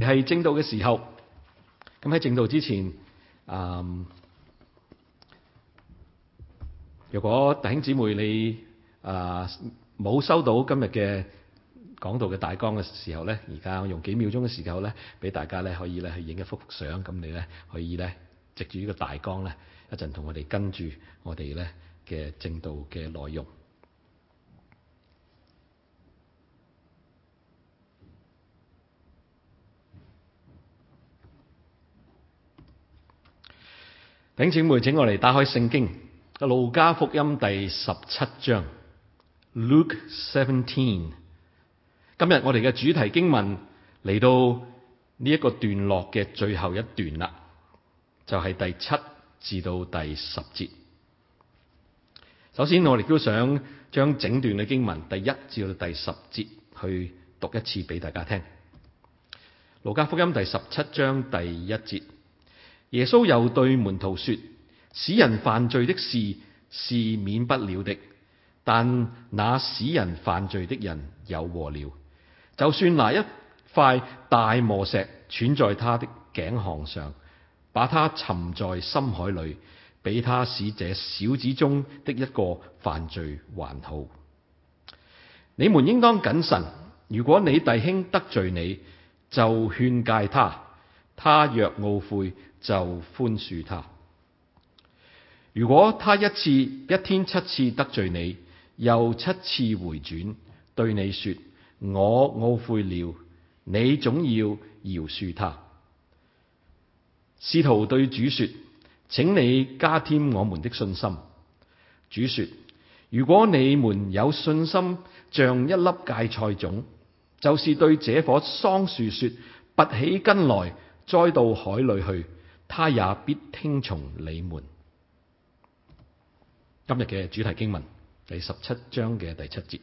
係正道嘅時候，咁喺正道之前，啊、嗯，如果弟兄姊妹你啊冇、呃、收到今日嘅講道嘅大綱嘅時候咧，而家我用幾秒鐘嘅時候咧，俾大家咧可以咧去影一幅相，咁你咧可以咧藉住呢個大綱咧，一陣同我哋跟住我哋咧嘅正道嘅內容。弟兄姊妹，請我哋打開聖經《路加福音》第十七章 （Luke Seventeen）。今日我哋嘅主題經文嚟到呢一個段落嘅最後一段啦，就係、是、第七至到第十節。首先，我哋都想將整段嘅經文第一至到第十節去讀一次俾大家聽。《路加福音》第十七章第一節。耶穌又對門徒說：使人犯罪的事是，是免不了的，但那使人犯罪的人有禍了。就算拿一塊大磨石穿在他的頸項上，把他沉在深海裏，比他使這小子中的一個犯罪還好。你們應當謹慎，如果你弟兄得罪你，就勸戒他。他若懊悔，就寬恕他。如果他一次一天七次得罪你，又七次回轉對你說，我懊悔了，你總要饒恕他。使徒對主說，請你加添我們的信心。主說：如果你們有信心，像一粒芥菜種，就是對這棵桑樹說拔起根來。栽到海裏去，他也必聽從你們。今日嘅主題經文第十七章嘅第七節，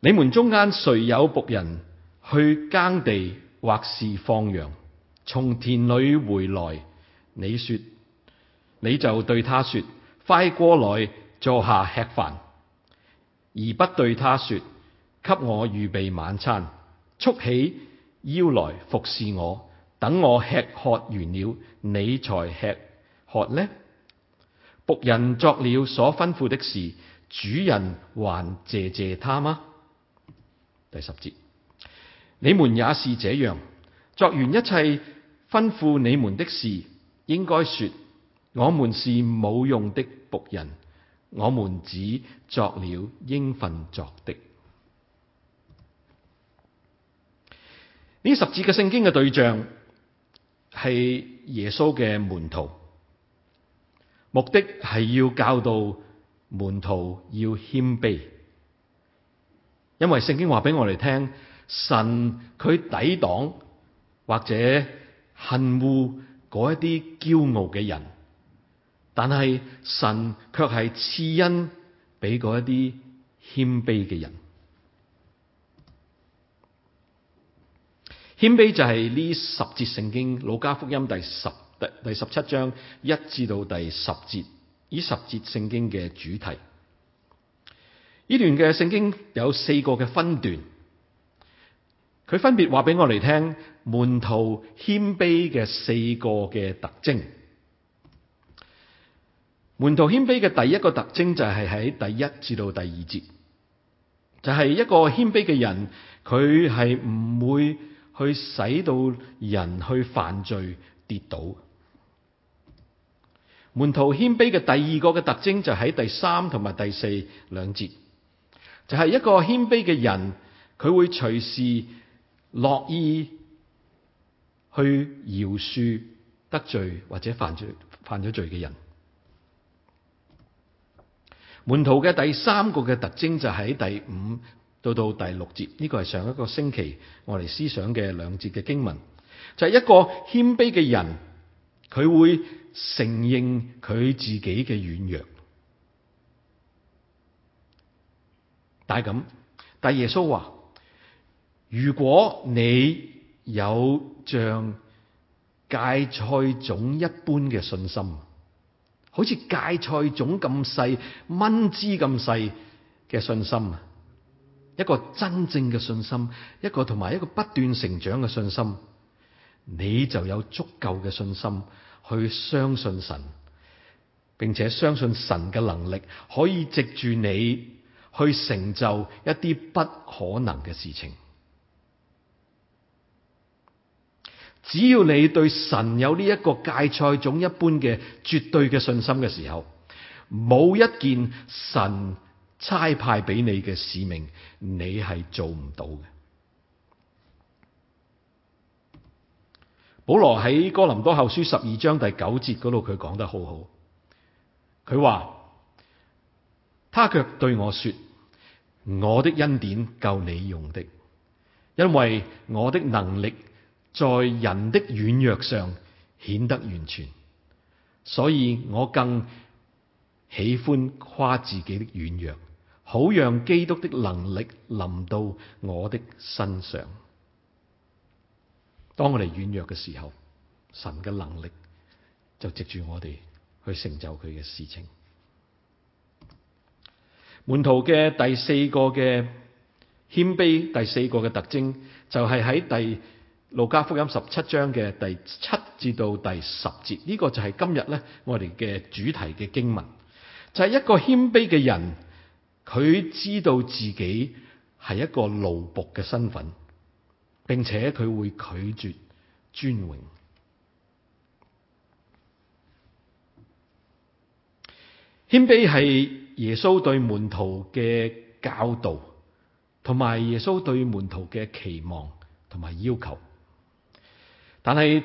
你們中間誰有僕人去耕地或是放羊，從田裏回來，你說，你就對他說：快過來坐下吃飯，而不對他說：給我預備晚餐。束起。要來服侍我，等我吃喝完了，你才吃喝呢？僕人作了所吩咐的事，主人還謝謝他嗎？第十節，你們也是這樣，作完一切吩咐你們的事，應該說，我們是冇用的僕人，我們只作了應份作的。呢十節嘅聖經嘅對象係耶穌嘅門徒，目的係要教導門徒要謙卑，因為聖經話俾我哋聽，神佢抵擋或者恨惡一啲驕傲嘅人，但係神卻係賜恩俾一啲謙卑嘅人。謙卑就係呢十節聖經《路加福音》第十第十七章一至到第十節，呢十節聖經嘅主題。呢段嘅聖經有四個嘅分段，佢分別話俾我哋聽門徒謙卑嘅四個嘅特徵。門徒謙卑嘅第一個特徵就係喺第一至到第二節，就係一個謙卑嘅人，佢係唔會。去使到人去犯罪跌倒。門徒謙卑嘅第二個嘅特徵就喺第三同埋第四兩節，就係、是、一個謙卑嘅人，佢會隨時樂意去饒恕得罪或者犯罪犯咗罪嘅人。門徒嘅第三個嘅特徵就喺第五。到到第六節，呢、這個係上一個星期我哋思想嘅兩節嘅經文，就係、是、一個謙卑嘅人，佢會承認佢自己嘅軟弱。但係咁，但係耶穌話：如果你有像芥菜種一般嘅信心，好似芥菜種咁細、蚊枝咁細嘅信心，一個真正嘅信心，一個同埋一個不斷成長嘅信心，你就有足夠嘅信心去相信神，並且相信神嘅能力可以藉住你去成就一啲不可能嘅事情。只要你對神有呢一個芥菜種一般嘅絕對嘅信心嘅時候，冇一件神。差派俾你嘅使命，你係做唔到嘅。保羅喺哥林多後書十二章第九節嗰度，佢講得好好。佢話：他卻對我說，我的恩典夠你用的，因為我的能力在人的軟弱上顯得完全，所以我更喜歡誇自己的軟弱。好讓基督的能力臨到我的身上。當我哋軟弱嘅時候，神嘅能力就藉住我哋去成就佢嘅事情。門徒嘅第四個嘅謙卑，第四個嘅特徵就係喺第路加福音十七章嘅第七至到第十節。呢個就係今日咧我哋嘅主題嘅經文，就係一個謙卑嘅人。佢知道自己係一個奴僕嘅身份，並且佢會拒絕尊榮。謙卑係耶穌對門徒嘅教導，同埋耶穌對門徒嘅期望同埋要求。但係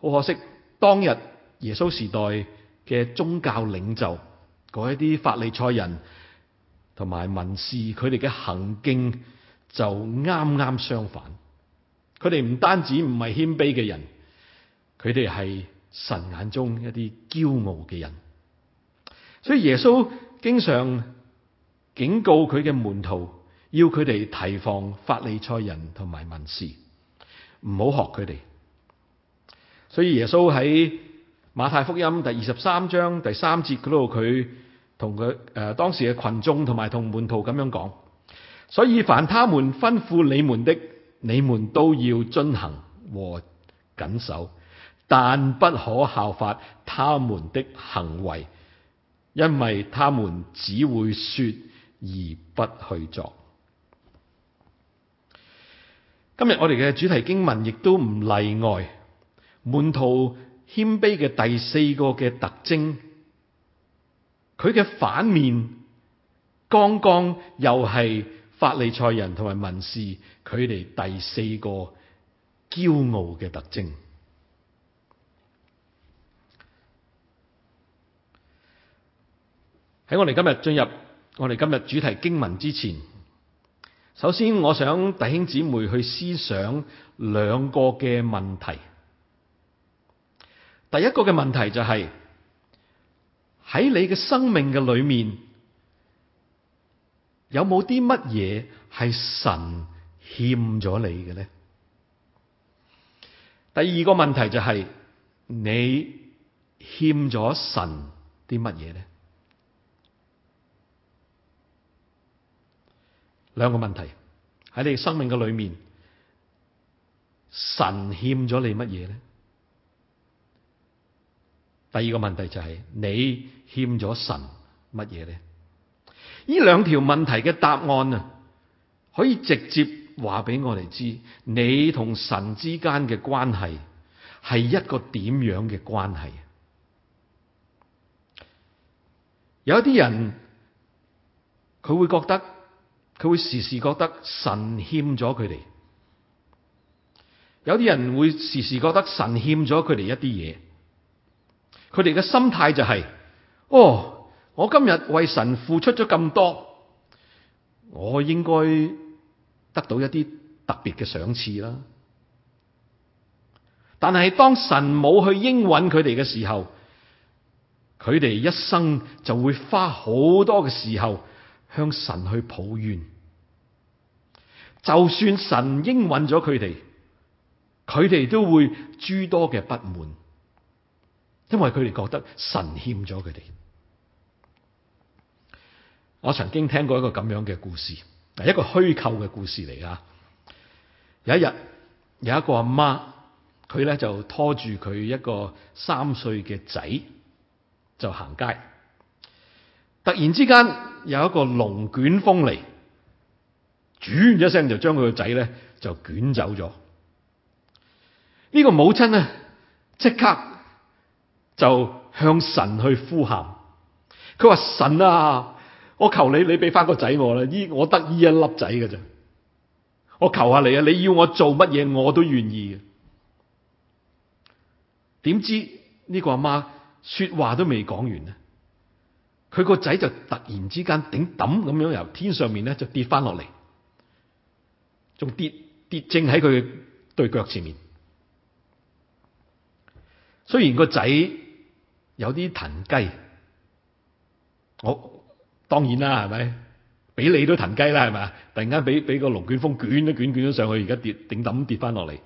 好可惜，當日耶穌時代嘅宗教領袖嗰一啲法利賽人。同埋文士，佢哋嘅行徑就啱啱相反。佢哋唔單止唔係謙卑嘅人，佢哋係神眼中一啲驕傲嘅人。所以耶穌經常警告佢嘅門徒，要佢哋提防法利賽人同埋文士，唔好學佢哋。所以耶穌喺馬太福音第二十三章第三節嗰度，佢。同佢誒當時嘅群眾同埋同門徒咁樣講，所以凡他們吩咐你們的，你們都要遵行和謹守，但不可效法他們的行為，因為他們只會説而不去做。今日我哋嘅主題經文亦都唔例外，門徒謙卑嘅第四個嘅特徵。佢嘅反面，剛剛又係法利賽人同埋文士，佢哋第四個驕傲嘅特徵。喺我哋今日進入我哋今日主題經文之前，首先我想弟兄姊妹去思想兩個嘅問題。第一個嘅問題就係、是。喺你嘅生命嘅裏面，有冇啲乜嘢係神欠咗你嘅咧？第二個問題就係你欠咗神啲乜嘢咧？兩個問題喺你生命嘅裏面，神欠咗你乜嘢咧？第二個問題就係你欠咗神乜嘢呢？呢兩條問題嘅答案啊，可以直接話俾我哋知你同神之間嘅關係係一個點樣嘅關係？有啲人佢會覺得佢會時時覺得神欠咗佢哋，有啲人會時時覺得神欠咗佢哋一啲嘢。佢哋嘅心態就係，哦，我今日為神付出咗咁多，我應該得到一啲特別嘅賞賜啦。但係當神冇去應允佢哋嘅時候，佢哋一生就會花好多嘅時候向神去抱怨。就算神應允咗佢哋，佢哋都會諸多嘅不滿。因為佢哋覺得神欠咗佢哋。我曾經聽過一個咁樣嘅故事，係一個虛構嘅故事嚟㗎！有一日，有一個阿媽，佢咧就拖住佢一個三歲嘅仔，就行街。突然之間有一個龍捲風嚟，轉一聲就將佢個仔咧就捲走咗。呢個母親呢，即刻。就向神去呼喊，佢話神啊，我求你，你俾翻個仔我啦，依我得依一粒仔嘅咋？我求下你啊，你要我做乜嘢我都願意嘅。點知呢個阿媽說話都未講完呢，佢個仔就突然之間頂抌咁樣由天上面呢就跌翻落嚟，仲跌跌正喺佢對腳前面。雖然個仔，有啲騰雞，我、哦、當然啦，係咪？俾你都騰雞啦，係咪？突然間俾俾個龍捲風捲咗捲捲咗上去，而家跌頂揼跌翻落嚟。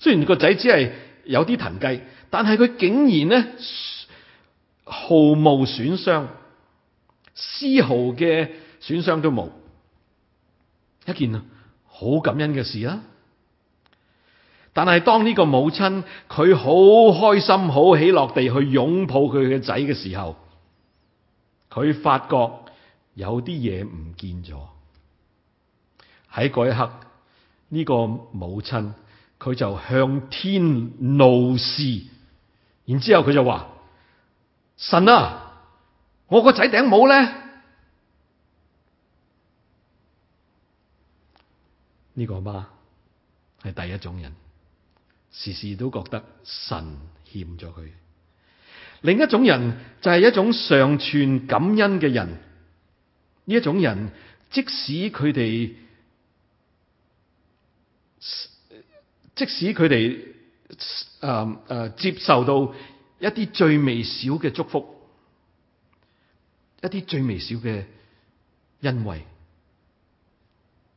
雖然個仔只係有啲騰雞，但係佢竟然咧毫無損傷，絲毫嘅損傷都冇，一件好感恩嘅事啊！但係當呢個母親佢好開心、好喜樂地去擁抱佢嘅仔嘅時候，佢發覺有啲嘢唔見咗。喺嗰一刻，呢個母親佢就向天怒視，然之後佢就話：神啊，我個仔頂帽咧，呢個媽係第一種人。時時都覺得神欠咗佢。另一種人就係一種尚存感恩嘅人，呢一種人即使佢哋，即使佢哋誒誒接受到一啲最微小嘅祝福，一啲最微小嘅恩惠，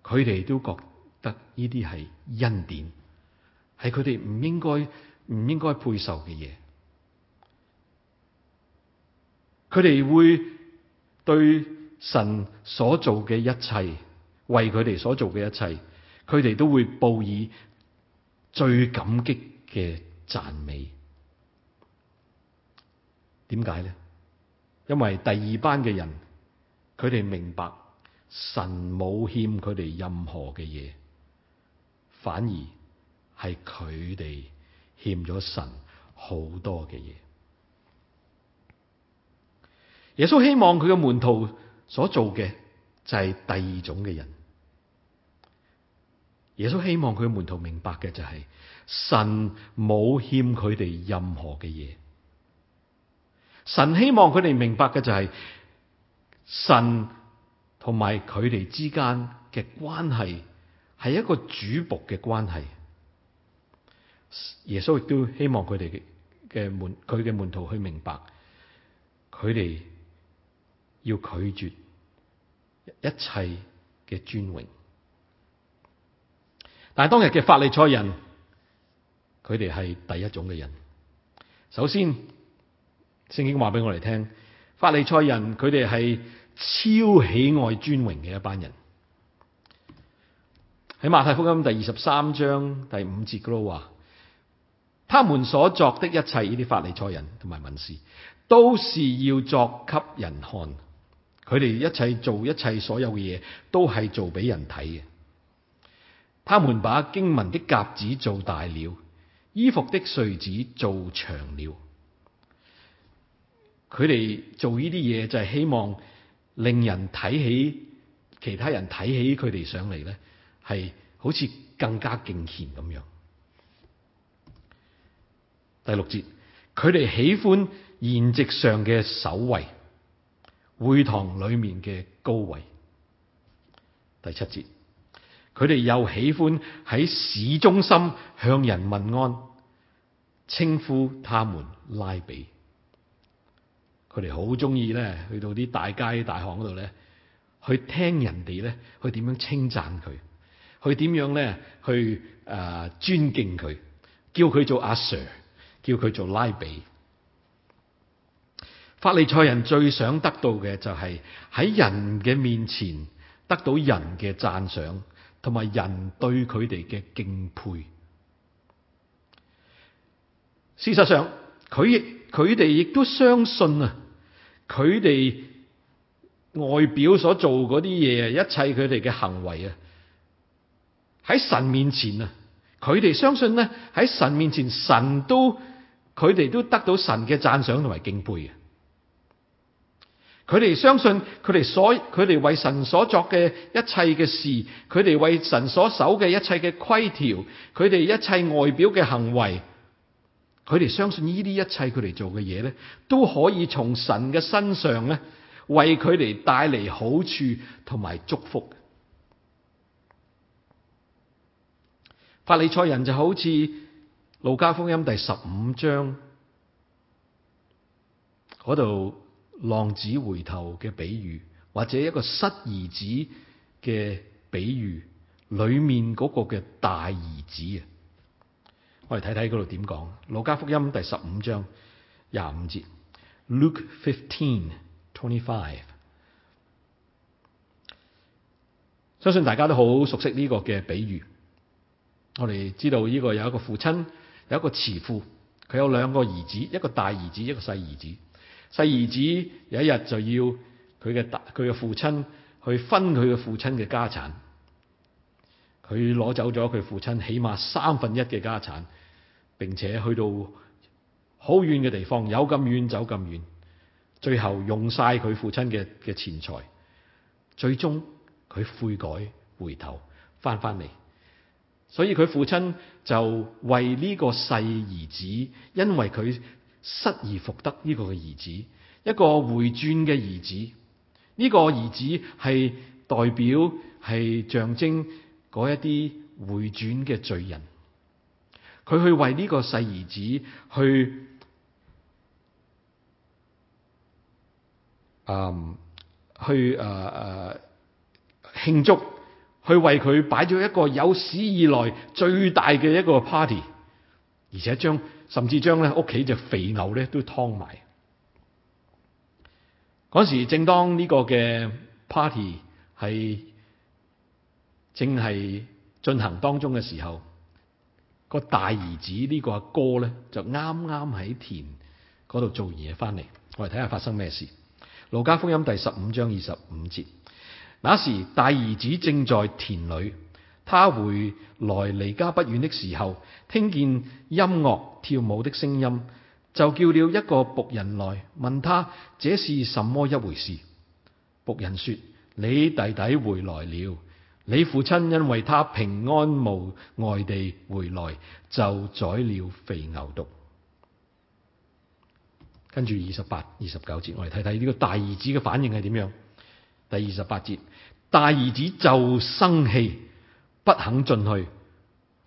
佢哋都覺得呢啲係恩典。係佢哋唔應該唔應該配受嘅嘢，佢哋會對神所做嘅一切，為佢哋所做嘅一切，佢哋都會報以最感激嘅讚美。點解呢？因為第二班嘅人，佢哋明白神冇欠佢哋任何嘅嘢，反而。係佢哋欠咗神好多嘅嘢。耶穌希望佢嘅門徒所做嘅就係第二種嘅人。耶穌希望佢嘅門徒明白嘅就係神冇欠佢哋任何嘅嘢。神希望佢哋明白嘅就係神同埋佢哋之間嘅關係係一個主僕嘅關係。耶穌亦都希望佢哋嘅門佢嘅門徒去明白，佢哋要拒絕一切嘅尊榮。但係當日嘅法利賽人，佢哋係第一種嘅人。首先，聖經話俾我哋聽，法利賽人佢哋係超喜愛尊榮嘅一班人。喺馬太福音第二十三章第五節嗰度話。他們所作的一切，呢啲法利賽人同埋文士，都是要作給人看。佢哋一切做一切所有嘅嘢，都係做俾人睇嘅。他們把經文的夾子做大了，衣服的穗子做長了。佢哋做呢啲嘢就係希望令人睇起其他人睇起佢哋上嚟咧，係好似更加敬虔咁樣。第六節，佢哋喜歡筵席上嘅首位，會堂裏面嘅高位。第七節，佢哋又喜歡喺市中心向人問安，稱呼他們拉比。佢哋好中意咧，去到啲大街大巷嗰度咧，去聽人哋咧，去點樣稱讚佢，去點樣咧，去誒尊敬佢，叫佢做阿 Sir。叫佢做拉比。法利賽人最想得到嘅就係喺人嘅面前得到人嘅讚賞，同埋人對佢哋嘅敬佩。事實上，佢亦佢哋亦都相信啊，佢哋外表所做嗰啲嘢，一切佢哋嘅行為啊，喺神面前啊，佢哋相信咧，喺神面前，神都。佢哋都得到神嘅讚賞同埋敬佩嘅。佢哋相信佢哋所佢哋為神所作嘅一切嘅事，佢哋為神所守嘅一切嘅規條，佢哋一切外表嘅行為，佢哋相信呢啲一切佢哋做嘅嘢咧，都可以從神嘅身上咧，為佢哋帶嚟好處同埋祝福。法利賽人就好似。路加福音第十五章度浪子回頭嘅比喻，或者一個失兒子嘅比喻，裏面個嘅大兒子啊，我哋睇睇度點講。路加福音第十五章廿五節，Luke fifteen twenty five，相信大家都好熟悉呢個嘅比喻，我哋知道呢個有一個父親。有一個慈父，佢有兩個兒子，一個大兒子，一個細兒子。細兒子有一日就要佢嘅大佢嘅父親去分佢嘅父親嘅家產，佢攞走咗佢父親起碼三分一嘅家產，並且去到好遠嘅地方，有咁遠走咁遠，最後用晒佢父親嘅嘅錢財，最終佢悔改回頭返返嚟。所以佢父親就為呢個細兒子，因為佢失而復得呢個嘅兒子，一個回轉嘅兒子，呢、呢個兒子係代表係象徵一啲回轉嘅罪人，佢去為呢個細兒子去，誒、嗯、去誒誒慶祝。去為佢擺咗一個有史以來最大嘅一個 party，而且將甚至將咧屋企隻肥牛咧都劏埋。嗰時正當呢個嘅 party 係正係進行當中嘅時候，大個大兒子呢個阿哥咧就啱啱喺田嗰度做完嘢翻嚟，我哋睇下發生咩事。《路加福音》第十五章二十五節。那時大兒子正在田裏，他回來離家不遠的時候，聽見音樂跳舞的聲音，就叫了一個僕人來問他這是什麼一回事。僕人說：你弟弟回來了，你父親因為他平安無外地回來，就宰了肥牛犢。跟住二十八、二十九節，我哋睇睇呢個大兒子嘅反應係點樣。第二十八節。大兒子就生氣，不肯進去。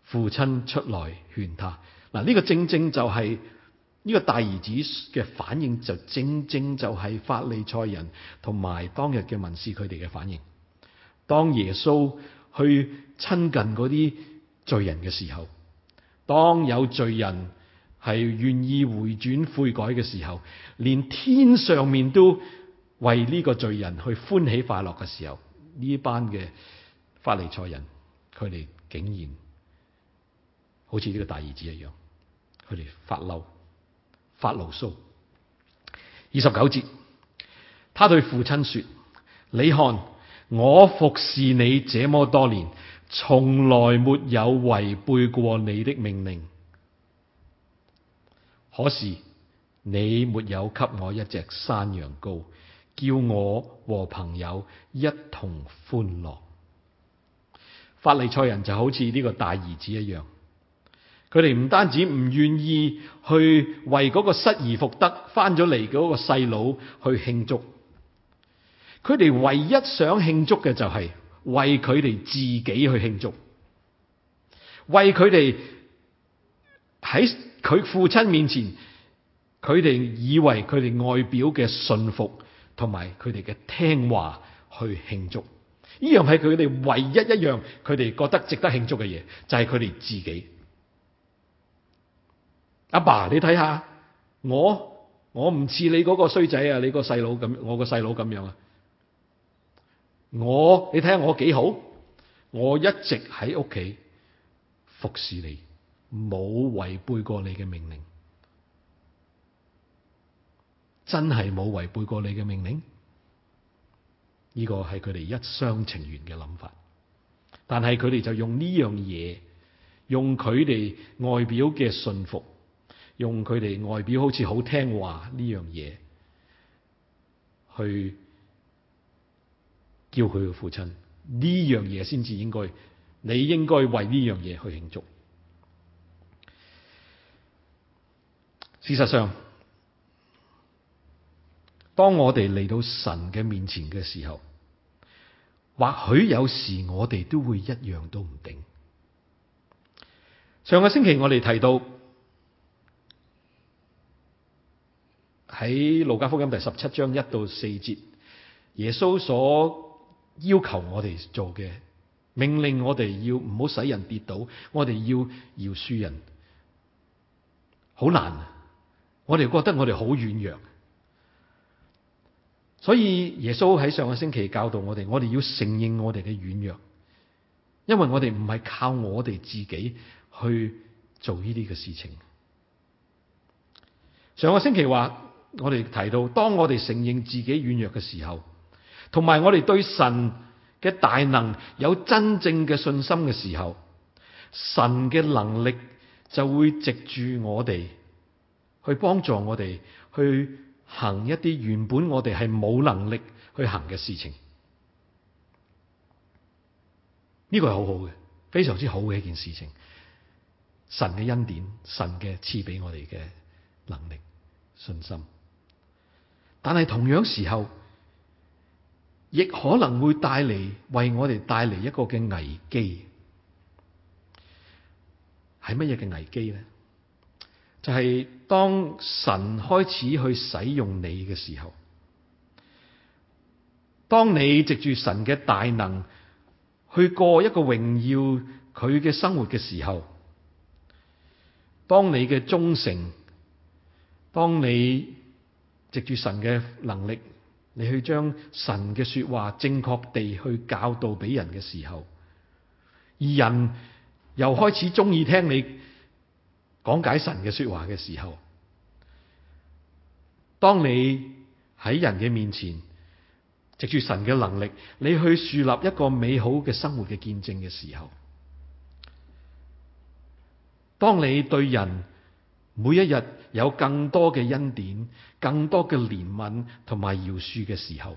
父親出來勸他。嗱，呢個正正就係、是、呢、這個大兒子嘅反應、就是，就正正就係法利賽人同埋當日嘅文士佢哋嘅反應。當耶穌去親近嗰啲罪人嘅時候，當有罪人係願意回轉悔改嘅時候，連天上面都為呢個罪人去歡喜快樂嘅時候。呢班嘅法利賽人，佢哋竟然好似呢個大兒子一樣，佢哋發嬲、發牢騷。二十九節，他對父親說：你看，我服侍你這麼多年，從來沒有違背過你的命令，可是你沒有給我一隻山羊羔。叫我和朋友一同歡樂。法利賽人就好似呢個大兒子一樣，佢哋唔單止唔願意去為嗰個失而復得翻咗嚟嘅嗰個細佬去慶祝，佢哋唯一想慶祝嘅就係為佢哋自己去慶祝，為佢哋喺佢父親面前，佢哋以為佢哋外表嘅信服，同埋佢哋嘅聽話去慶祝，呢樣係佢哋唯一一樣，佢哋覺得值得慶祝嘅嘢，就係佢哋自己。阿爸，爸，你睇下我，我唔似你嗰個衰仔啊，你個細佬咁，我個細佬咁樣啊。我，你睇下我幾好，我一直喺屋企服侍你，冇違背過你嘅命令。真係冇違背過你嘅命令，呢個係佢哋一廂情願嘅諗法。但係佢哋就用呢樣嘢，用佢哋外表嘅信服，用佢哋外表好似好聽話呢樣嘢，去叫佢嘅父親。呢樣嘢先至應該，你應該為呢樣嘢去慶祝。事實上。當我哋嚟到神嘅面前嘅時候，或許有時我哋都會一樣都唔定。上個星期我哋提到喺路加福音第十七章一到四節，耶穌所要求我哋做嘅，命令我哋要唔好使人跌倒，我哋要饒恕人，好難。我哋覺得我哋好軟弱。所以耶穌喺上個星期教導我哋，我哋要承認我哋嘅軟弱，因為我哋唔係靠我哋自己去做呢啲嘅事情。上個星期話，我哋提到，當我哋承認自己軟弱嘅時候，同埋我哋對神嘅大能有真正嘅信心嘅時候，神嘅能力就會藉住我哋去幫助我哋去。行一啲原本我哋係冇能力去行嘅事情，呢個係好好嘅，非常之好嘅一件事情。神嘅恩典，神嘅賜俾我哋嘅能力、信心。但係同樣時候，亦可能會帶嚟為我哋帶嚟一個嘅危機，係乜嘢嘅危機咧？就係當神開始去使用你嘅時候，當你藉住神嘅大能去過一個榮耀佢嘅生活嘅時候，當你嘅忠誠，當你藉住神嘅能力，你去將神嘅說話正確地去教導俾人嘅時候，而人又開始中意聽你。講解神嘅說話嘅時候，當你喺人嘅面前藉住神嘅能力，你去樹立一個美好嘅生活嘅見證嘅時候，當你對人每一日有更多嘅恩典、更多嘅憐憫同埋饒恕嘅時候，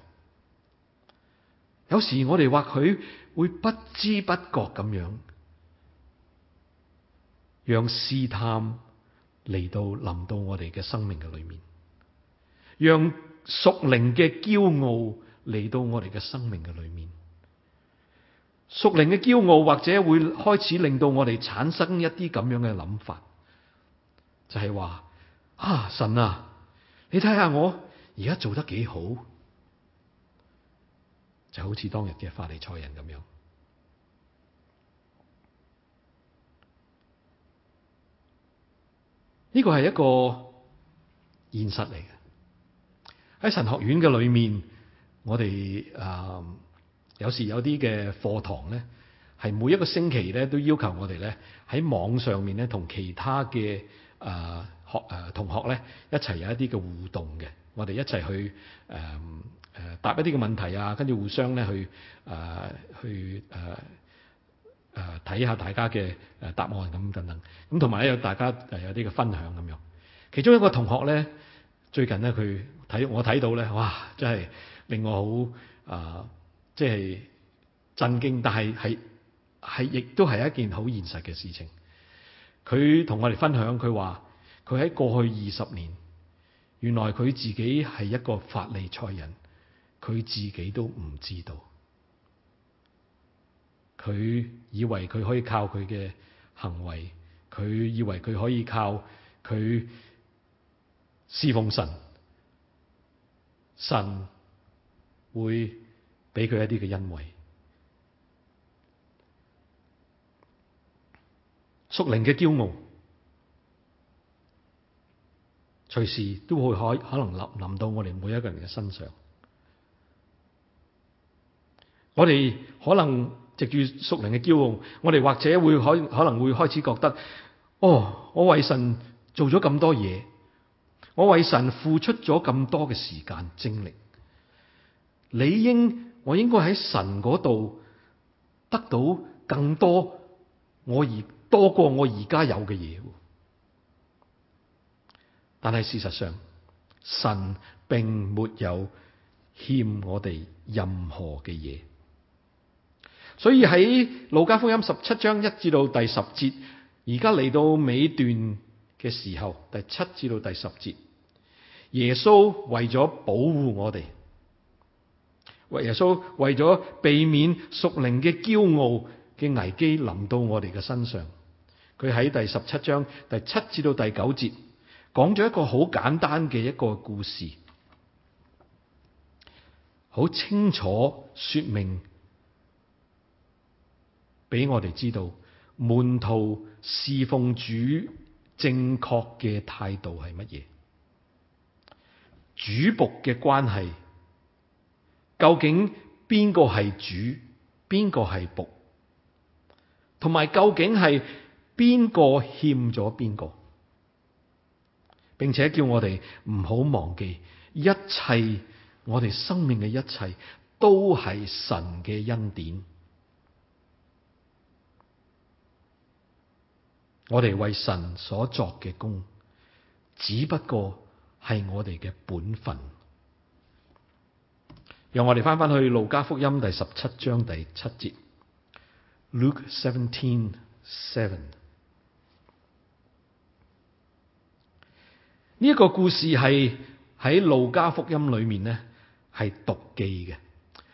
有時我哋或許會不知不覺咁樣。讓試探嚟到臨到我哋嘅生命嘅裏面，讓屬靈嘅驕傲嚟到我哋嘅生命嘅裏面，屬靈嘅驕傲或者會開始令到我哋產生一啲咁樣嘅諗法，就係話啊神啊，你睇下我而家做得幾好，就好似當日嘅法利賽人咁樣。呢個係一個現實嚟嘅。喺神學院嘅裏面，我哋誒、呃、有時有啲嘅課堂咧，係每一個星期咧都要求我哋咧喺網上面咧同其他嘅誒、呃、學誒、呃、同學咧一齊有一啲嘅互動嘅，我哋一齊去誒誒、呃、答一啲嘅問題啊，跟住互相咧去誒、呃、去誒。呃誒睇下大家嘅誒答案，咁等等，咁同埋咧有大家誒有啲嘅分享咁樣。其中一個同學咧，最近咧佢睇我睇到咧，哇！真係令我好誒，即係震驚，但係係係亦都係一件好現實嘅事情。佢同我哋分享，佢話佢喺過去二十年，原來佢自己係一個法利賽人，佢自己都唔知道。佢以為佢可以靠佢嘅行為，佢以為佢可以靠佢侍奉神，神會俾佢一啲嘅恩惠。屬靈嘅驕傲，隨時都會可可能臨臨到我哋每一個人嘅身上。我哋可能。藉住屬靈嘅驕傲，我哋或者會可可能會開始覺得，哦，我為神做咗咁多嘢，我為神付出咗咁多嘅時間精力，理應我應該喺神度得到更多，我而多過我而家有嘅嘢。但係事實上，神並沒有欠我哋任何嘅嘢。所以喺《路加福音》十七章一至到第十節，而家嚟到尾段嘅時候，第七至到第十節，耶穌為咗保護我哋，為耶穌為咗避免屬靈嘅驕傲嘅危機臨到我哋嘅身上，佢喺第十七章第七至到第九節講咗一個好簡單嘅一個故事，好清楚說明。俾我哋知道門徒侍奉主正確嘅態度係乜嘢？主僕嘅關係究竟邊個係主，邊個係僕？同埋究竟係邊個欠咗邊個？並且叫我哋唔好忘記，一切我哋生命嘅一切都係神嘅恩典。我哋為神所作嘅功，只不過係我哋嘅本分。讓我哋翻翻去路加福音第十七章第七節。Luke seventeen seven。呢一個故事係喺路加福音裏面呢係獨記嘅，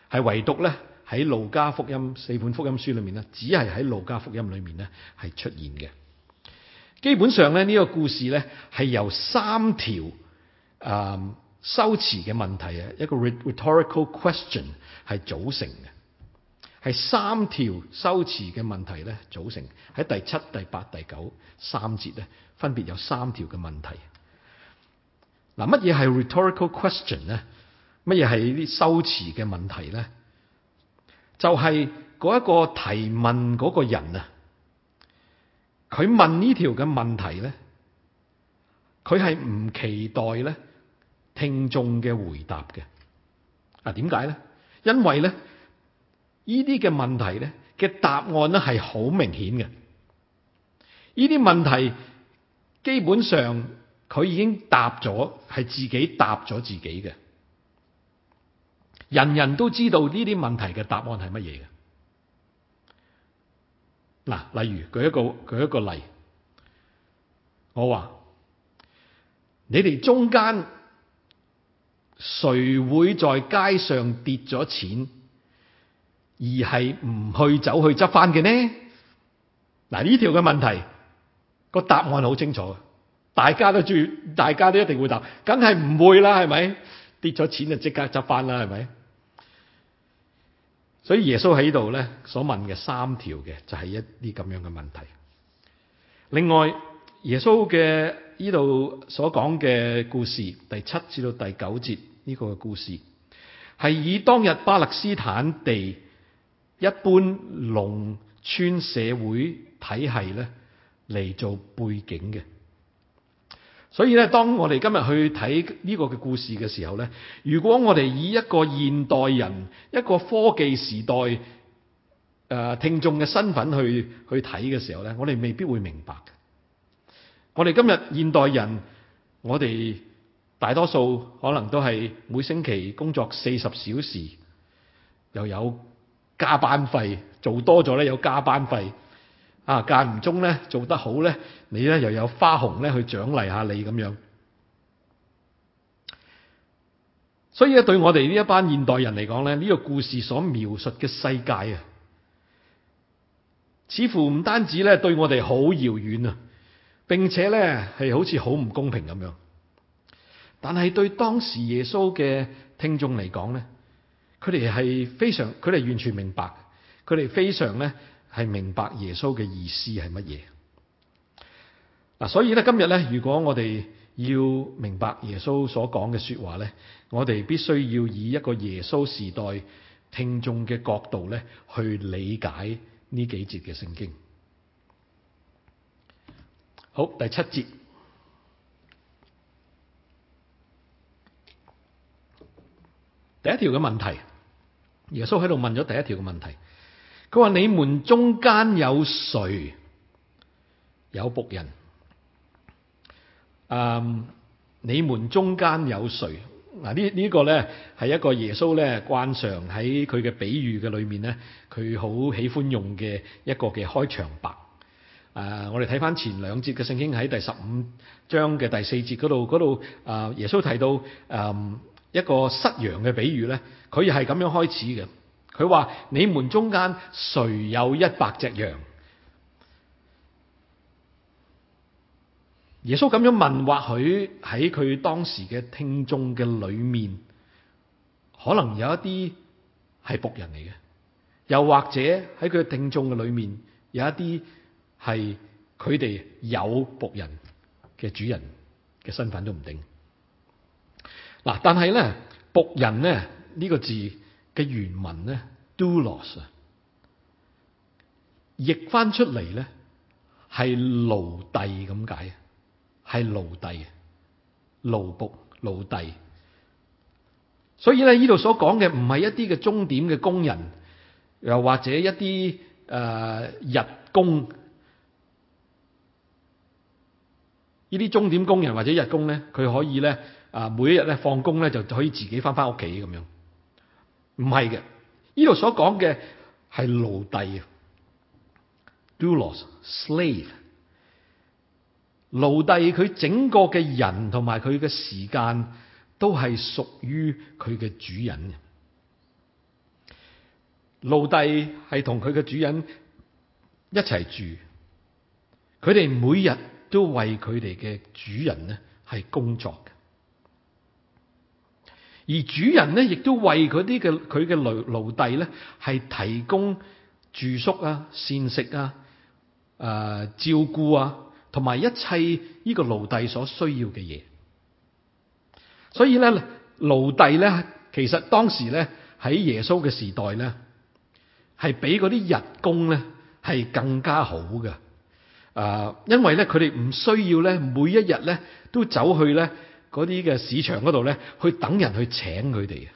係唯獨呢喺路加福音四本福音書裏面呢只係喺路加福音裏面呢係出現嘅。基本上咧，呢、呢個故事咧係由三條啊、呃、修辭嘅問題啊，一個 rhetorical question 係組成嘅，係三條修辭嘅問題咧組成喺第七、第八、第九三節咧，分別有三條嘅問題。嗱，乜嘢係 rhetorical question 咧？乜嘢係啲修辭嘅問題咧？就係嗰一個提問嗰個人啊！佢問呢條嘅問題咧，佢係唔期待咧聽眾嘅回答嘅。啊，點解咧？因為咧，呢啲嘅問題咧嘅答案咧係好明顯嘅。呢啲問題基本上佢已經答咗，係自己答咗自己嘅。人人都知道呢啲問題嘅答案係乜嘢嘅。嗱，例如舉一個舉一個例，我話你哋中間誰會在街上跌咗錢，而係唔去走去執翻嘅呢？嗱，呢條嘅問題個答案好清楚，大家都注意，大家都一定會答，梗係唔會啦，係咪？跌咗錢就即刻執翻啦，係咪？所以耶穌喺度咧，所問嘅三條嘅就係一啲咁樣嘅問題。另外耶穌嘅呢度所講嘅故事，第七至到第九節呢個故事，係以當日巴勒斯坦地一般農村社會體系咧嚟做背景嘅。所以咧，當我哋今日去睇呢個嘅故事嘅時候呢，如果我哋以一個現代人、一個科技時代誒、呃、聽眾嘅身份去去睇嘅時候呢，我哋未必會明白。我哋今日現代人，我哋大多數可能都係每星期工作四十小時，又有加班費，做多咗呢，有加班費。啊，間唔中咧做得好咧，你咧又有花紅咧去獎勵下你咁樣。所以對我哋呢一班現代人嚟講咧，呢個故事所描述嘅世界啊，似乎唔單止咧對我哋好遙遠啊，並且咧係好似好唔公平咁樣。但係對當時耶穌嘅聽眾嚟講咧，佢哋係非常，佢哋完全明白，佢哋非常咧。係明白耶穌嘅意思係乜嘢？嗱，所以咧，今日咧，如果我哋要明白耶穌所講嘅說話咧，我哋必須要以一個耶穌時代聽眾嘅角度咧，去理解呢幾節嘅聖經。好，第七節，第一條嘅問題，耶穌喺度問咗第一條嘅問題。佢話：你們中間有誰有僕人？嗯，你們中間有誰？嗱，這個、呢呢個咧係一個耶穌咧慣常喺佢嘅比喻嘅裏面咧，佢好喜歡用嘅一個嘅開場白。誒、呃，我哋睇翻前兩節嘅聖經喺第十五章嘅第四節嗰度，度誒、呃、耶穌提到誒、呃、一個失羊嘅比喻咧，佢係咁樣開始嘅。佢話：你們中間誰有一百隻羊？耶穌咁樣問，或許喺佢當時嘅聽眾嘅裏面，可能有一啲係僕人嚟嘅，又或者喺佢聽眾嘅裏面有一啲係佢哋有僕人嘅主人嘅身份都唔定。嗱，但係咧僕人咧呢、呢個字。嘅原文咧 doulos 啊，譯翻出嚟咧係奴隸咁解，係奴隸，奴僕奴隸。所以咧，呢度所講嘅唔係一啲嘅鐘點嘅工人，又或者一啲誒、呃、日工，呢啲鐘點工人或者日工咧，佢可以咧啊、呃，每一日咧放工咧就可以自己翻翻屋企咁樣。唔係嘅，呢度所講嘅係奴隸啊 doulos slave。奴隸佢整個嘅人同埋佢嘅時間都係屬於佢嘅主人嘅。奴隸係同佢嘅主人一齊住，佢哋每日都為佢哋嘅主人咧係工作嘅。而主人咧，亦都為嗰啲嘅佢嘅奴奴隸咧，係提供住宿啊、膳食啊、誒、呃、照顧啊，同埋一切呢個奴隸所需要嘅嘢。所以咧，奴隸咧，其實當時咧喺耶穌嘅時代咧，係比嗰啲日工咧係更加好嘅。誒、呃，因為咧佢哋唔需要咧，每一日咧都走去咧。嗰啲嘅市場嗰度咧，去等人去請佢哋嘅。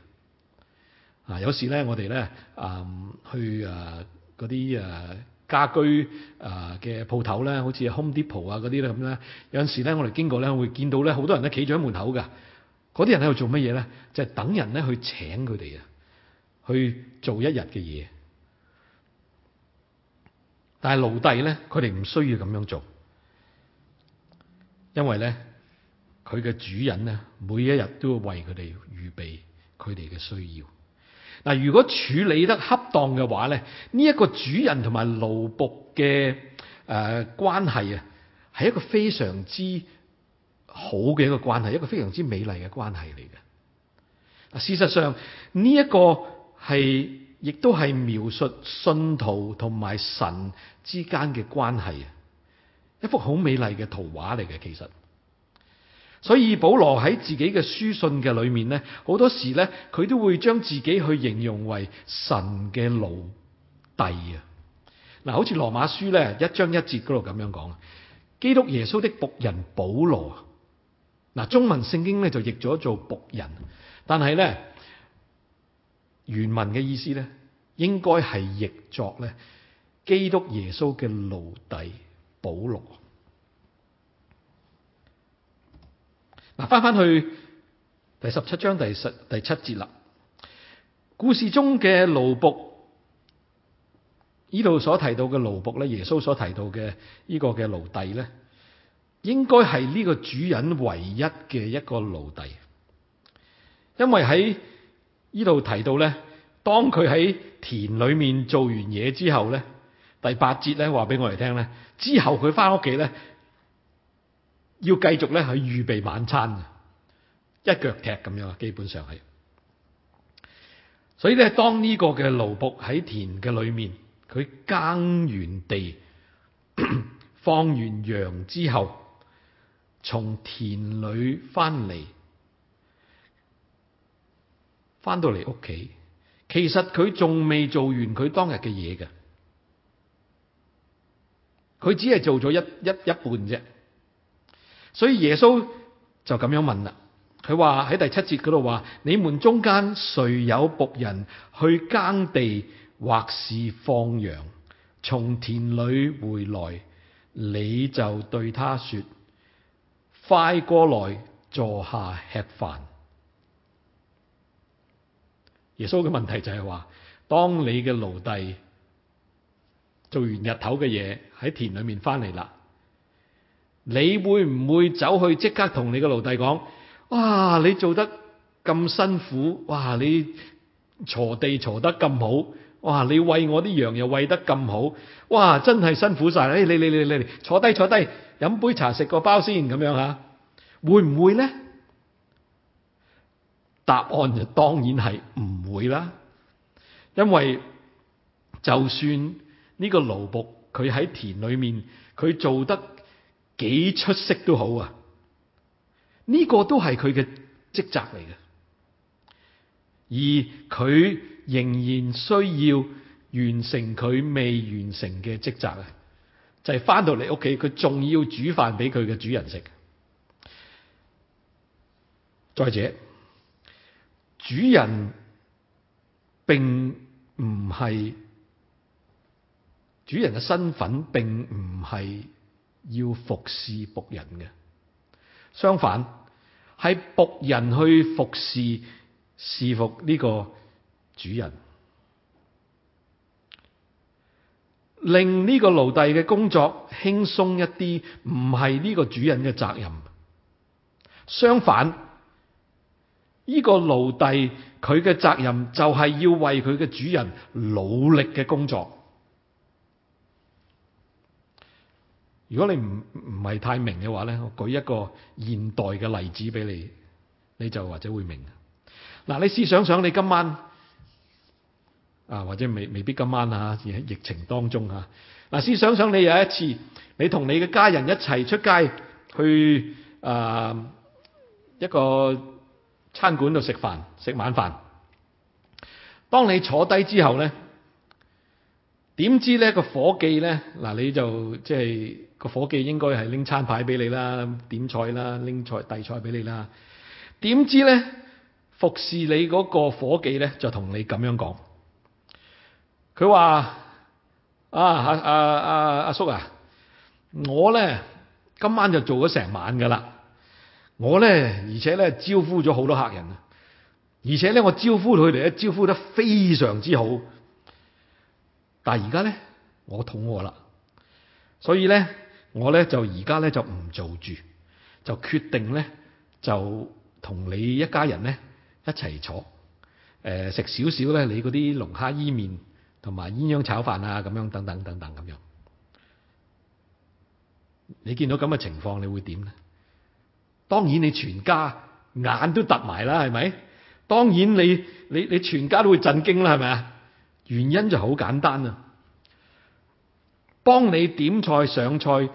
啊，有時咧，我哋咧、呃呃呃呃、啊，去啊嗰啲啊家居啊嘅鋪頭咧，好似 Home Depot 啊嗰啲咧咁咧，有陣時咧我哋經過咧會見到咧好多人咧企咗喺門口㗎。嗰啲人喺度做乜嘢咧？就係、是、等人咧去請佢哋啊，去做一日嘅嘢。但係奴隸咧，佢哋唔需要咁樣做，因為咧。佢嘅主人呢，每一日都會為佢哋預備佢哋嘅需要。嗱，如果處理得恰當嘅話呢，呢一個主人同埋奴僕嘅誒關係啊，係一個非常之好嘅一個關係，一個非常之美麗嘅關係嚟嘅。事實上呢一個係亦都係描述信徒同埋神之間嘅關係啊，一幅好美麗嘅圖畫嚟嘅，其實。所以保羅喺自己嘅書信嘅裏面咧，好多時咧佢都會將自己去形容為神嘅奴隸啊。嗱，好似羅馬書咧一章一節嗰度，咁樣講，基督耶穌的僕人保羅啊。嗱，中文聖經咧就譯咗做僕人，但係咧原文嘅意思咧應該係譯作咧基督耶穌嘅奴隸保羅。嗱，翻翻去第十七章第十第七節啦。故事中嘅奴僕，呢度所提到嘅奴僕咧，耶穌所提到嘅呢個嘅奴隸咧，應該係呢個主人唯一嘅一個奴隸，因為喺呢度提到咧，當佢喺田裏面做完嘢之後咧，第八節咧話俾我哋聽咧，之後佢翻屋企咧。要繼續咧去預備晚餐，一腳踢咁樣啊！基本上係，所以咧，當呢個嘅勞僕喺田嘅裏面，佢耕完地、放完羊之後，從田裏翻嚟，翻到嚟屋企，其實佢仲未做完佢當日嘅嘢嘅，佢只係做咗一一一半啫。所以耶穌就咁樣問啦，佢話喺第七節度話：你們中間誰有僕人去耕地或是放羊，從田裡回來，你就對他說：快過來坐下吃飯。耶穌嘅問題就係話：當你嘅奴隸做完日頭嘅嘢，喺田裡面翻嚟啦。你會唔會走去即刻同你個奴隸講？哇！你做得咁辛苦，哇！你鋤地鋤得咁好，哇！你餵我啲羊又餵得咁好，哇！真係辛苦晒。誒、哎，你你你你坐低坐低，飲杯茶食個包先咁樣吓，會唔會呢？答案就當然係唔會啦。因為就算呢個奴僕佢喺田裏面，佢做得幾出色都好啊！呢、這個都係佢嘅職責嚟嘅，而佢仍然需要完成佢未完成嘅職責啊！就係、是、翻到嚟屋企，佢仲要煮飯俾佢嘅主人食。再者，主人並唔係，主人嘅身份並唔係。要服侍僕人嘅，相反係僕人去服侍、侍服呢個主人，令呢個奴隸嘅工作輕鬆一啲，唔係呢個主人嘅責任。相反，呢個奴隸佢嘅責任就係要為佢嘅主人努力嘅工作。如果你唔唔係太明嘅話咧，我舉一個現代嘅例子俾你，你就或者會明。嗱、啊，你思想想，你今晚啊，或者未未必今晚啊，喺疫情當中啊，嗱、啊，思想想你有一次，你同你嘅家人一齊出街去啊、呃、一個餐館度食飯，食晚飯。當你坐低之後咧。點知咧個伙計咧嗱，你就即係個伙計應該係拎餐牌俾你啦、點菜啦、拎菜遞菜俾你啦。點知咧服侍你嗰個伙計咧就同你咁樣講，佢話：啊啊啊啊，阿叔啊，我咧今晚就做咗成晚噶啦，我咧而且咧招呼咗好多客人，而且咧我招呼佢哋咧招呼得非常之好。但係而家咧，我肚餓啦，所以咧，我咧就而家咧就唔做住，就決定咧就同你一家人咧一齊坐，誒食少少咧，你嗰啲龍蝦伊麵同埋鴛鴦炒飯啊，咁樣等等等等咁樣。你見到咁嘅情況，你會點咧？當然你全家眼都凸埋啦，係咪？當然你你你全家都會震驚啦，係咪啊？原因就好簡單啊，幫你點菜上菜、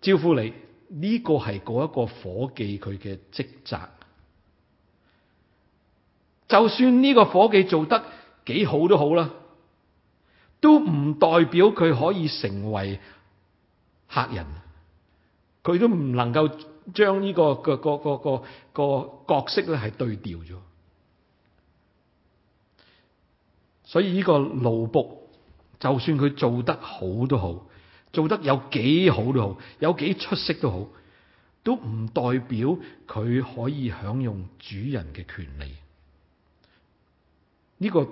招呼你，呢、這個係嗰一個伙計佢嘅職責。就算呢個伙計做得幾好都好啦，都唔代表佢可以成為客人，佢都唔能夠將呢個嘅、這個、這個、這個這個這個角色咧係對調咗。所以呢個奴僕，就算佢做得好都好，做得有幾好都好，有幾出色都好，都唔代表佢可以享用主人嘅權利。呢、這個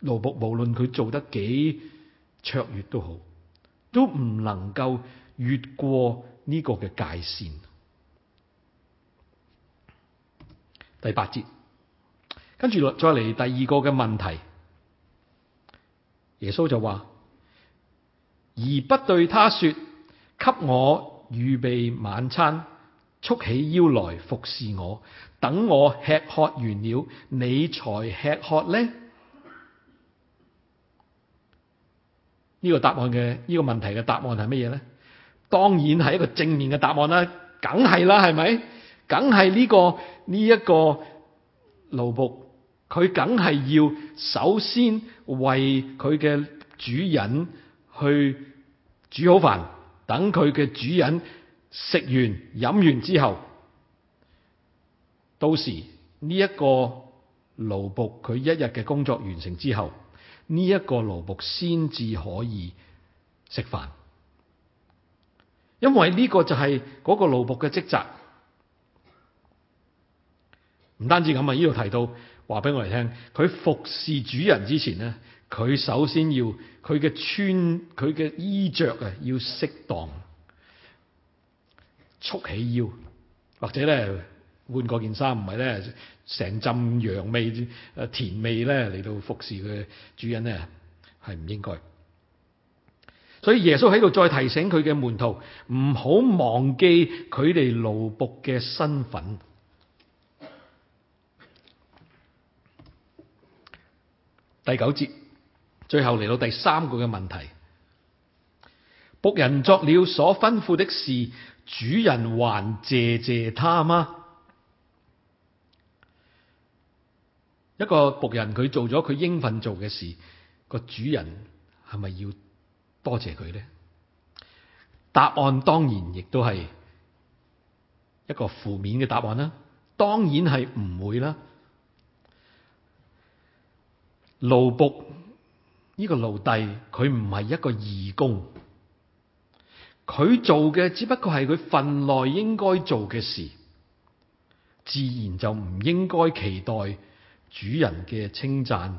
奴僕無論佢做得幾卓越都好，都唔能夠越過呢個嘅界線。第八節，跟住再嚟，第二個嘅問題。耶穌就話，而不對他說，給我預備晚餐，束起腰來服侍我，等我吃喝完了，你才吃喝呢。」呢個答案嘅呢個問題嘅答案係乜嘢咧？當然係一個正面嘅答案啦，梗係啦，係咪？梗係呢個呢一個勞碌。佢梗係要首先為佢嘅主人去煮好飯，等佢嘅主人食完飲完之後，到時呢、這個、一個奴僕佢一日嘅工作完成之後，呢、這、一個奴僕先至可以食飯，因為呢個就係嗰個奴僕嘅職責。唔單止咁啊，呢度提到。話俾我哋聽，佢服侍主人之前咧，佢首先要佢嘅穿佢嘅衣着啊，要適當，束起腰，或者咧換過件衫，唔係咧成浸羊味，誒甜味咧嚟到服侍佢主人咧，係唔應該。所以耶穌喺度再提醒佢嘅門徒，唔好忘記佢哋奴僕嘅身份。第九節，最後嚟到第三個嘅問題：僕人作了所吩咐的事，主人還謝謝他嗎？一個僕人佢做咗佢應份做嘅事，個主人係咪要多謝佢呢？答案當然亦都係一個負面嘅答案啦，當然係唔會啦。奴僕呢個奴隸，佢唔係一個義工，佢做嘅只不過係佢份內應該做嘅事，自然就唔應該期待主人嘅稱讚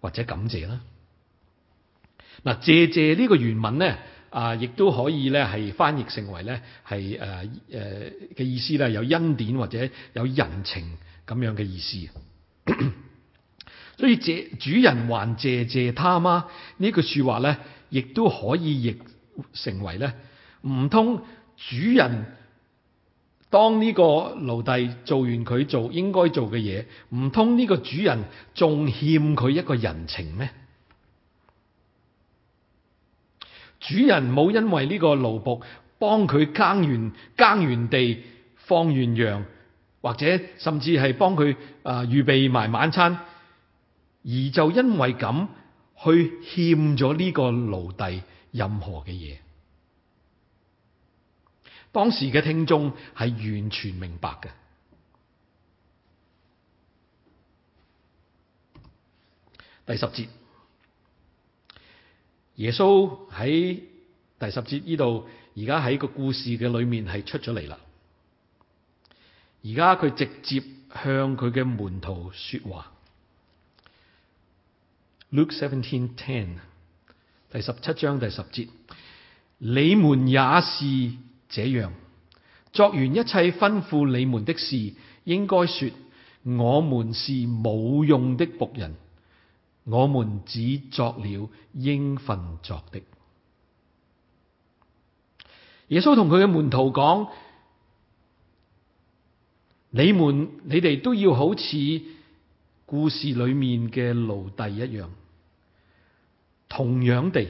或者感謝啦。嗱，謝謝呢個原文咧，啊，亦都可以咧係翻譯成為咧係誒誒嘅意思啦，有恩典或者有人情咁樣嘅意思。 所以借主人還謝謝他嗎？呢句說話呢亦都可以譯成為呢，唔通主人當呢個奴隸做完佢做應該做嘅嘢，唔通呢個主人仲欠佢一個人情咩？主人冇因為呢個奴僕幫佢耕完耕完地放完羊，或者甚至係幫佢啊、呃、預備埋晚餐。而就因為咁，去欠咗呢個奴隸任何嘅嘢。當時嘅聽眾係完全明白嘅。第十節，耶穌喺第十節呢度，而家喺個故事嘅裏面係出咗嚟啦。而家佢直接向佢嘅門徒說話。Luke seventeen ten，第十七章第十節，你們也是這樣，作完一切吩咐你們的事，應該說，我們是冇用的僕人，我們只作了應份作的。耶穌同佢嘅門徒講，你們，你哋都要好似故事裏面嘅奴隸一樣。同樣地，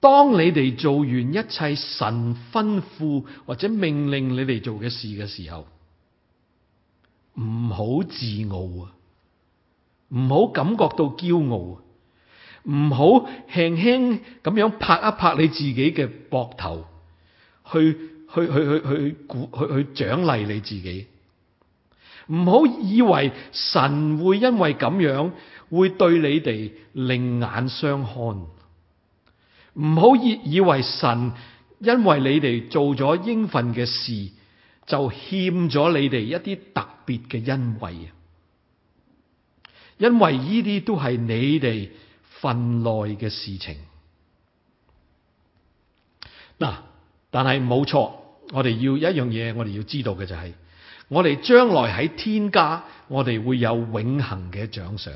當你哋做完一切神吩咐或者命令你哋做嘅事嘅時候，唔好自傲啊，唔好感覺到驕傲，唔好輕輕咁樣拍一拍你自己嘅膊頭，去去去去去鼓去去獎勵你自己，唔好以為神會因為咁樣會對你哋另眼相看，唔好以以為神因為你哋做咗應份嘅事，就欠咗你哋一啲特別嘅恩惠，因為呢啲都係你哋份內嘅事情。嗱，但係冇錯，我哋要一樣嘢，我哋要知道嘅就係，我哋將來喺天家，我哋會有永恆嘅獎賞。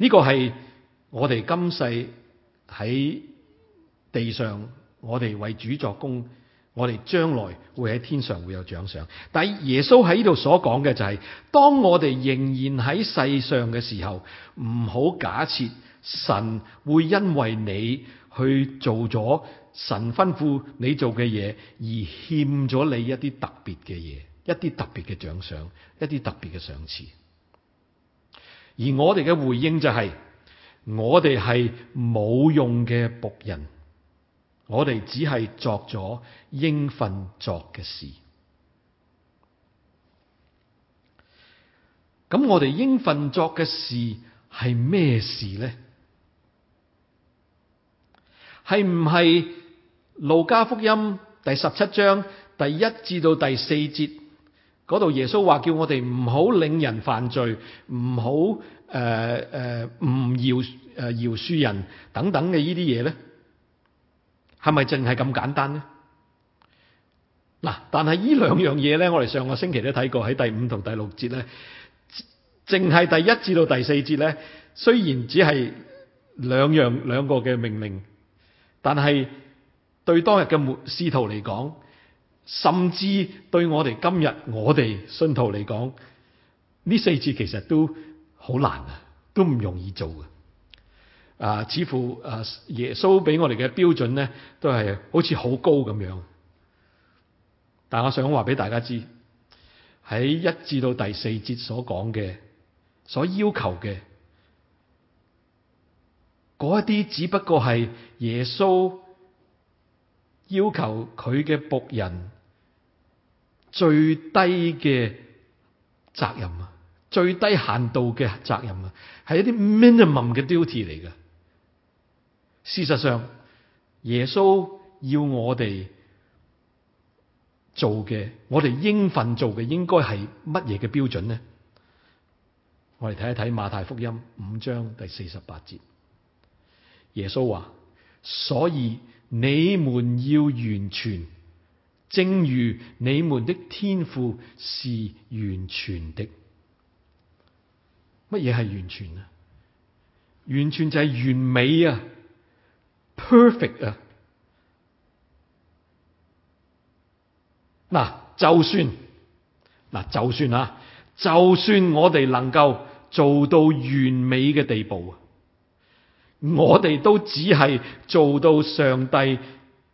呢個係我哋今世喺地上，我哋為主作工，我哋將來會喺天上會有獎賞。但耶穌喺呢度所講嘅就係，當我哋仍然喺世上嘅時候，唔好假設神會因為你去做咗神吩咐你做嘅嘢而欠咗你一啲特別嘅嘢，一啲特別嘅獎賞，一啲特別嘅賞賜。而我哋嘅回應就係、是，我哋係冇用嘅僕人，我哋只係作咗應份作嘅事。咁我哋應份作嘅事係咩事呢？係唔係路加福音第十七章第一至到第四節？嗰度耶穌話叫我哋唔好令人犯罪，唔好誒誒唔饒誒饒恕人等等嘅依啲嘢咧，係咪淨係咁簡單咧？嗱，但係依兩樣嘢咧，我哋上個星期都睇過喺第五同第六節咧，淨係第一至到第四節咧，雖然只係兩樣兩個嘅命令，但係對當日嘅門師徒嚟講。甚至對我哋今日我哋信徒嚟講，呢四節其實都好難啊，都唔容易做嘅。啊、呃，似乎啊、呃，耶穌俾我哋嘅標準咧，都係好似好高咁樣。但我想話俾大家知，喺一至到第四節所講嘅，所要求嘅嗰一啲，只不過係耶穌要求佢嘅僕人。最低嘅責任啊，最低限度嘅責任啊，係一啲 minimum 嘅 duty 嚟噶。事實上，耶穌要我哋做嘅，我哋應份做嘅，應該係乜嘢嘅標準呢？我哋睇一睇馬太福音五章第四十八節，耶穌話：所以你們要完全。正如你們的天父是完全的，乜嘢係完全啊？完全就係完美啊，perfect 啊！嗱，就算嗱，就算啊，就算我哋能夠做到完美嘅地步，啊，我哋都只係做到上帝，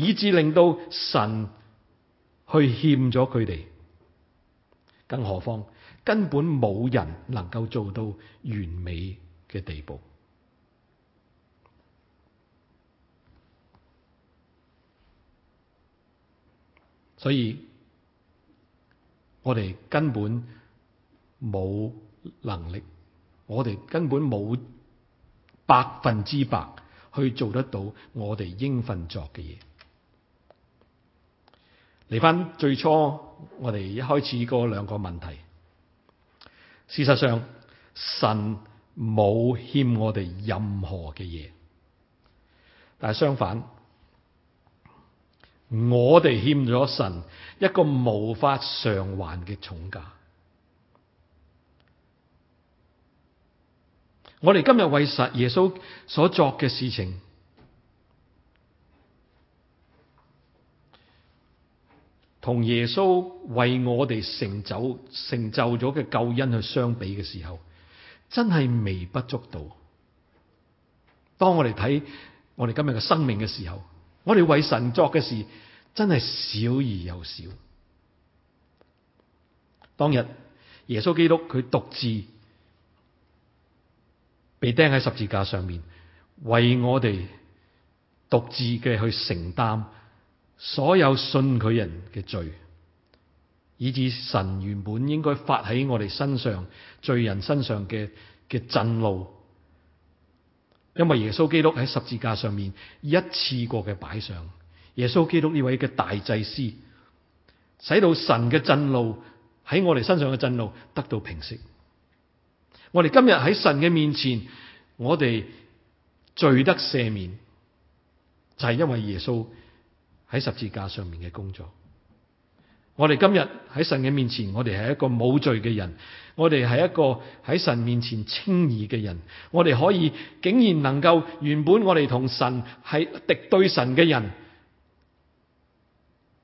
以致令到神去欠咗佢哋，更何況根本冇人能夠做到完美嘅地步，所以我哋根本冇能力，我哋根本冇百分之百去做得到我哋應分作嘅嘢。嚟翻最初我哋一開始嗰兩個問題，事實上神冇欠我哋任何嘅嘢，但係相反，我哋欠咗神一個無法償還嘅重價。我哋今日為實耶穌所作嘅事情。同耶穌為我哋成就成就咗嘅救恩去相比嘅時候，真係微不足道。當我哋睇我哋今日嘅生命嘅時候，我哋為神作嘅事真係少而又少。當日耶穌基督佢獨自被釘喺十字架上面，為我哋獨自嘅去承擔。所有信佢人嘅罪，以至神原本應該發喺我哋身上，罪人身上嘅嘅震怒，因為耶穌基督喺十字架上面一次過嘅擺上，耶穌基督呢位嘅大祭司，使到神嘅震怒喺我哋身上嘅震怒得到平息。我哋今日喺神嘅面前，我哋罪得赦免，就係因為耶穌。喺十字架上面嘅工作，我哋今日喺神嘅面前，我哋係一個冇罪嘅人，我哋係一個喺神面前稱義嘅人，我哋可以竟然能夠原本我哋同神係敵對神嘅人，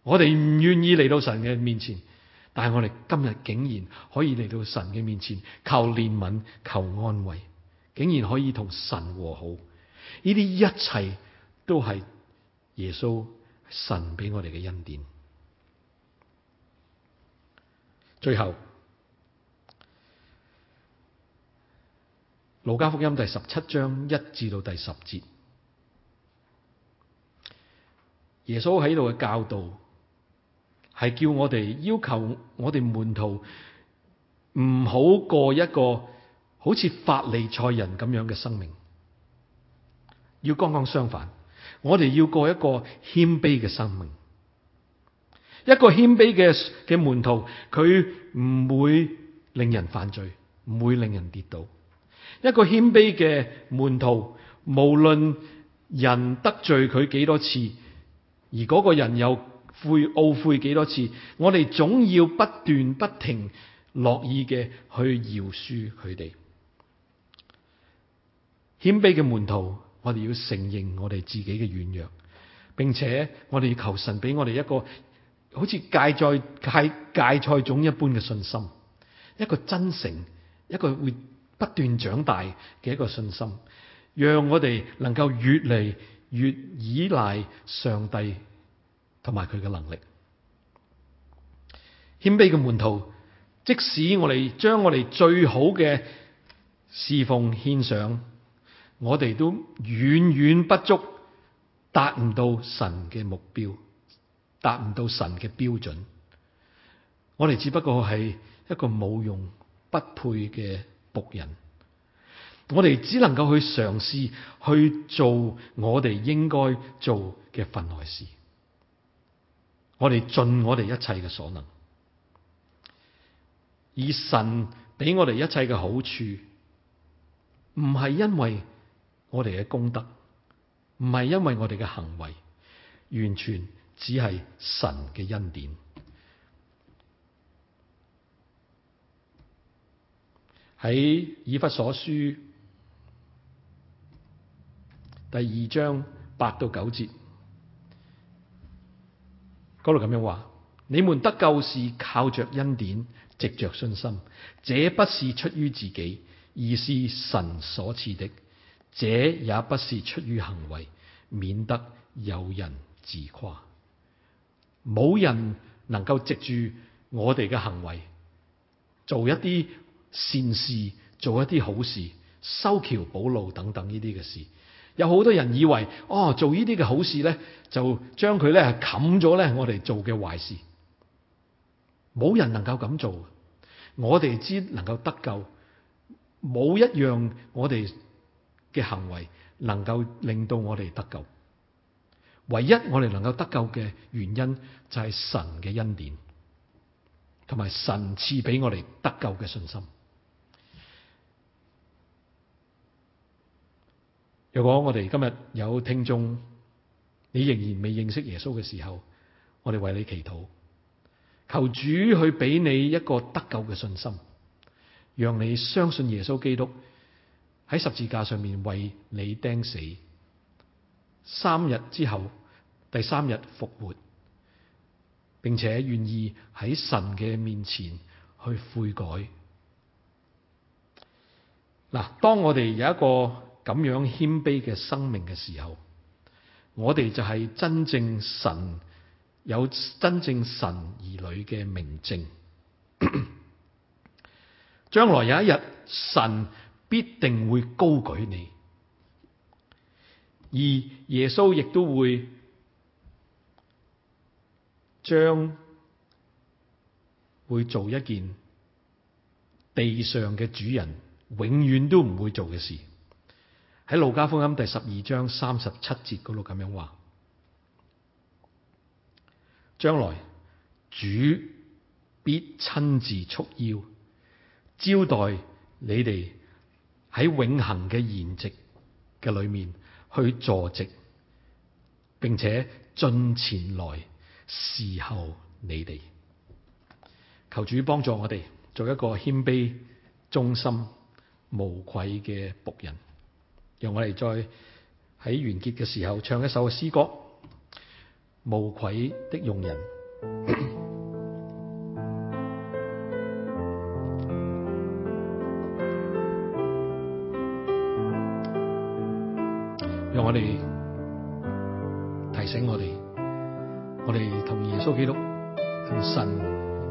我哋唔願意嚟到神嘅面前，但係我哋今日竟然可以嚟到神嘅面前，求憐憫、求安慰，竟然可以同神和好，呢啲一切都係耶穌。神俾我哋嘅恩典。最後，路加福音第十七章七至到第十節，耶穌喺度嘅教導係叫我哋要求我哋門徒唔好過一個好似法利賽人咁樣嘅生命，要剛剛相反。我哋要過一個謙卑嘅生命，一個謙卑嘅嘅門徒，佢唔會令人犯罪，唔會令人跌倒。一個謙卑嘅門徒，無論人得罪佢幾多次，而嗰個人又悔懊悔幾多次，我哋總要不斷不停樂意嘅去饒恕佢哋。謙卑嘅門徒。我哋要承認我哋自己嘅軟弱，並且我哋要求神俾我哋一個好似芥菜芥芥菜種一般嘅信心，一個真誠，一個會不斷長大嘅一個信心，讓我哋能夠越嚟越依賴上帝同埋佢嘅能力。謙卑嘅門徒，即使我哋將我哋最好嘅侍奉獻上。我哋都遠遠不足，達唔到神嘅目標，達唔到神嘅標準。我哋只不過係一個冇用、不配嘅僕人，我哋只能夠去嘗試去做我哋應該做嘅分內事。我哋盡我哋一切嘅所能，以神俾我哋一切嘅好處，唔係因為。我哋嘅功德唔係因為我哋嘅行為，完全只係神嘅恩典。喺以弗所書第二章八到九節嗰度咁樣話，你們得救是靠着恩典，藉着信心，這不是出於自己，而是神所賜的。這也不是出於行為，免得有人自誇。冇人能夠藉住我哋嘅行為做一啲善事，做一啲好事，修橋補路等等呢啲嘅事。有好多人以為哦，做呢啲嘅好事呢，就將佢呢冚咗呢，我哋做嘅壞事。冇人能夠咁做，我哋只能夠得救。冇一樣我哋嘅行為能夠令到我哋得救，唯一我哋能夠得救嘅原因就係神嘅恩典，同埋神賜俾我哋得救嘅信心。如果我哋今日有聽眾，你仍然未認識耶穌嘅時候，我哋為你祈禱，求主去俾你一個得救嘅信心，讓你相信耶穌基督。喺十字架上面為你釘死，三日之後，第三日復活，並且願意喺神嘅面前去悔改。嗱，當我哋有一個咁樣謙卑嘅生命嘅時候，我哋就係真正神，有真正神兒女嘅明證。將來有一日，神。必定會高舉你，而耶穌亦都會將會做一件地上嘅主人永遠都唔會做嘅事。喺路加福音第十二章三十七節嗰度咁樣話：將來主必親自束腰，招待你哋。喺永恆嘅筵席嘅裏面去坐席，並且進前來侍候你哋。求主幫助我哋做一個謙卑、忠心、無愧嘅僕人。讓我哋再喺完結嘅時候唱一首詩歌《無愧的用人》。我哋提醒我哋，我哋同耶穌基督同神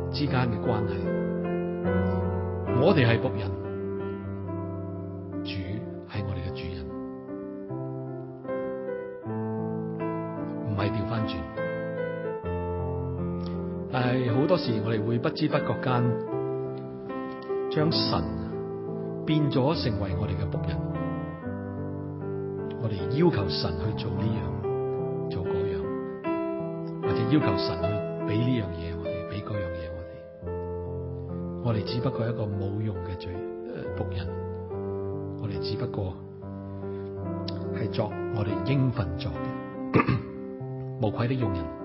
之間嘅關係，我哋係僕人，主係我哋嘅主人，唔係調翻轉。但係好多時我哋會不知不覺間，將神變咗成為我哋嘅僕人。要求神去做呢樣、做嗰樣，或者要求神去俾呢樣嘢我哋，俾嗰樣嘢我哋。我哋只不過係一個冇用嘅罪、呃、僕人，我哋只不過係作我哋應份作嘅無愧的傭人。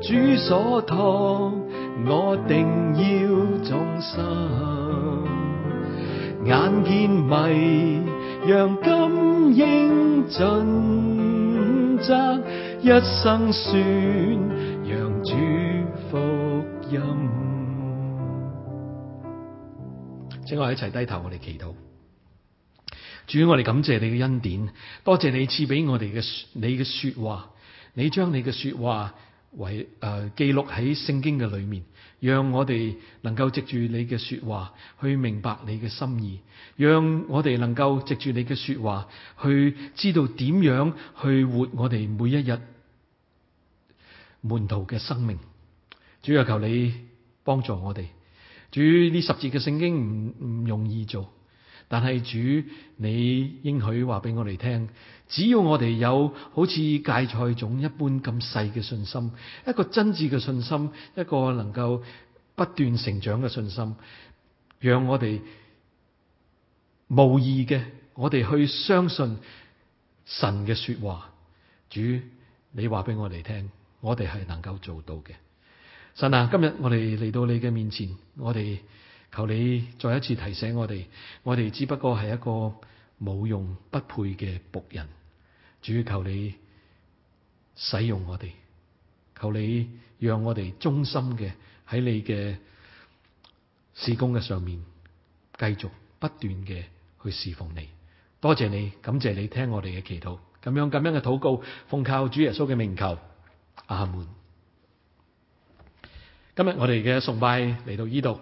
主所託，我定要終生。眼見迷，讓金英盡責，一生宣揚主福音。請我一齊低頭，我哋祈禱。主，我哋感謝你嘅恩典，多謝你賜俾我哋嘅你嘅說話，你將你嘅說話。為誒、呃、記錄喺聖經嘅裏面，讓我哋能夠藉住你嘅說話去明白你嘅心意，讓我哋能夠藉住你嘅說話去知道點樣去活我哋每一日門徒嘅生命。主啊，求你幫助我哋。主，呢十節嘅聖經唔唔容易做。但係主，你應許話俾我哋聽，只要我哋有好似芥菜種一般咁細嘅信心，一個真摯嘅信心，一個能夠不斷成長嘅信心，讓我哋無疑嘅，我哋去相信神嘅說話。主，你話俾我哋聽，我哋係能夠做到嘅。神啊，今日我哋嚟到你嘅面前，我哋。求你再一次提醒我哋，我哋只不過係一個冇用不配嘅僕人，主，求你使用我哋，求你讓我哋忠心嘅喺你嘅事工嘅上面，繼續不斷嘅去侍奉你。多謝你，感謝你聽我哋嘅祈禱，咁樣咁樣嘅禱告，奉靠主耶穌嘅名求，阿門。今日我哋嘅崇拜嚟到呢度。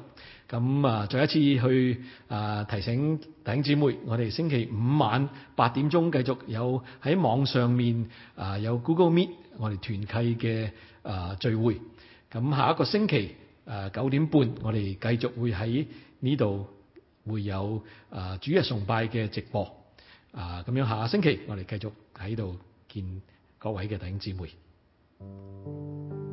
咁啊，再一次去啊提醒弟兄姊妹，我哋星期五晚八點鐘繼續有喺網上面啊有 Google Meet，我哋團契嘅啊聚會。咁下一個星期啊九點半，我哋繼續會喺呢度會有啊主日崇拜嘅直播。啊咁樣，下個星期，我哋繼續喺度見各位嘅弟兄姊妹。